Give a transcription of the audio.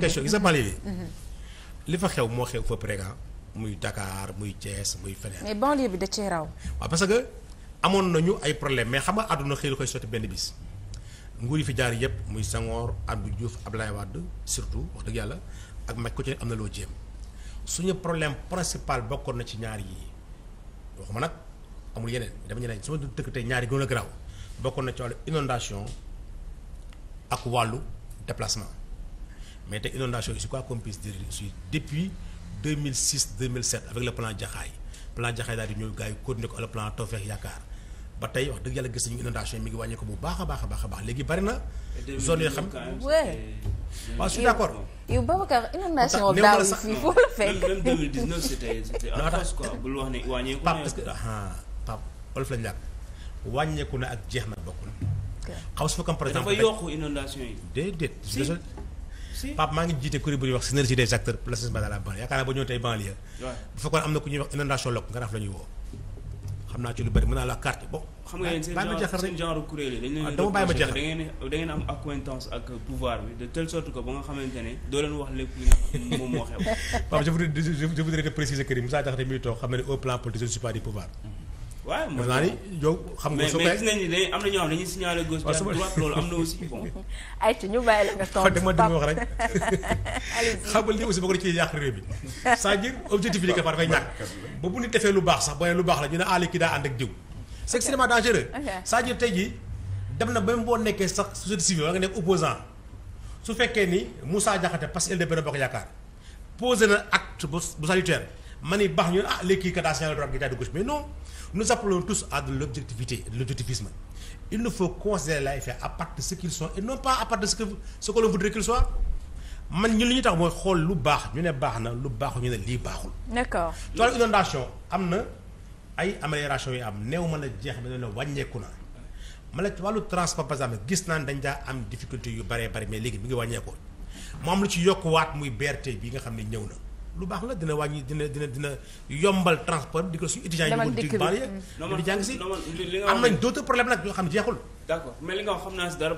question mhm. li fa xew moo xew fa préga muy Dakar muy Thiès muy feneen. mais bi da cee raw. waaw parce que amoon nañu ay problème mais xam nga àdduna xëy na koy sotti benn bis nguur yi fi jaar yëpp muy sangoor Senghor Abdou Diouf Abdoulaye Wade surtout wax dëgg yàlla ak mag ko ci am na loo jéem suñu problème principal bokkoon na ci ñaar yi waxuma nag amul yeneen dama ñeneen su ma dëkk tey ñaar yi gën a bokkoon na ci wàllu inondation ak wàllu déplacement. mais te inondation yi c'est quoi qu'on puisse dire depuis 2006 2007 avec le plan Jaxaay plan Jaxaay daal di yi continué ko le plan Tawfekh Yaakaar ba wax dëgg yàlla gis nañu inondation yi mi ngi wàññi ko bu baax a baax a baax a baax léegi bari na. zone xam waaw je suis d'accord. yow Babacar inondation daaw fii foo la fekk. même 2019 wàññeeku na. Ah, parce olof lañu wàññeeku na ak jeex na bokkul. xaw su fekkam par exemple dafa yokk yi. déedéet. Pape maa ngi jiite kuréel bu ñuy wax synergie des acteurs pour l'assainissement de la banlieue yaakaar naa ba ñëw tey banlieue bu fekkoon am na ku ñuy wax inondation lokk nga daf la ñuy woo xam naa ci lu bëri mën naa la carte bon xam ma jeexal ah, da am acquaintance ak pouvoir bi de telle sorte que ba nga xamante ne doo leen wax lépp moom moo xew Pape je voudrais je voudrais te préciser que ni Moussa Diakhaté mi ngi toog xam ne au plan politique je ne pouvoir waaw mooy naa ni yow xam nga. soo mais gis nañu ne am na ñoo xam ne dañuy signaler gauche à droite loolu am na aussi bon. ayca ñu bàyyi la nga tontu Pape dama wax rek. xam nga lii aussi bokk na ci yàq réew bi c'est-à-dire objectif yi dafay ñàkk. ba bu ñu defee lu baax sax ba lu baax la ñu ne aale ah, kii daa ànd ak diw. c'est extrêmement dangereux. c'est-à-dire tey jii dem na même boo nekkee sax société civile wala nga nekk opposant su fekkee ni Moussa Diakhaté parce que LDP la bokk yaakaar posé na acte bu salutaire. ma ni baax ñu ah léegi kii kat daa signalé droite gi daa di gauche mais non nous appelons tous à de l'objectivité de l'objectivisme il nous faut considérer les faits à partir ce qu'ils non pas à ce que man ñi li ñu tax mooy xool lu baax ñu ne baax na lu baaxul ñu ne lii baaxul. d'accord toolu inondation am na ay amélioration yi am néew ma la jeex na ne wàññeeku na ma la wàllu transport par exemple gis naa dañ daa am difficulté yu bare bëri mais léegi mi ngi wàññeekoo mu am lu ci yokkuwaat muy BRT bi nga xam ne ñëw na. lu baax la dina wàññi dina dina dina yombal transport di ko suñu étudiants yi yóbbu ci banlieue di jàng si am nañ d'autres problèmes nag yoo xam ne jeexul d'accord mais nga wax xam naa si dara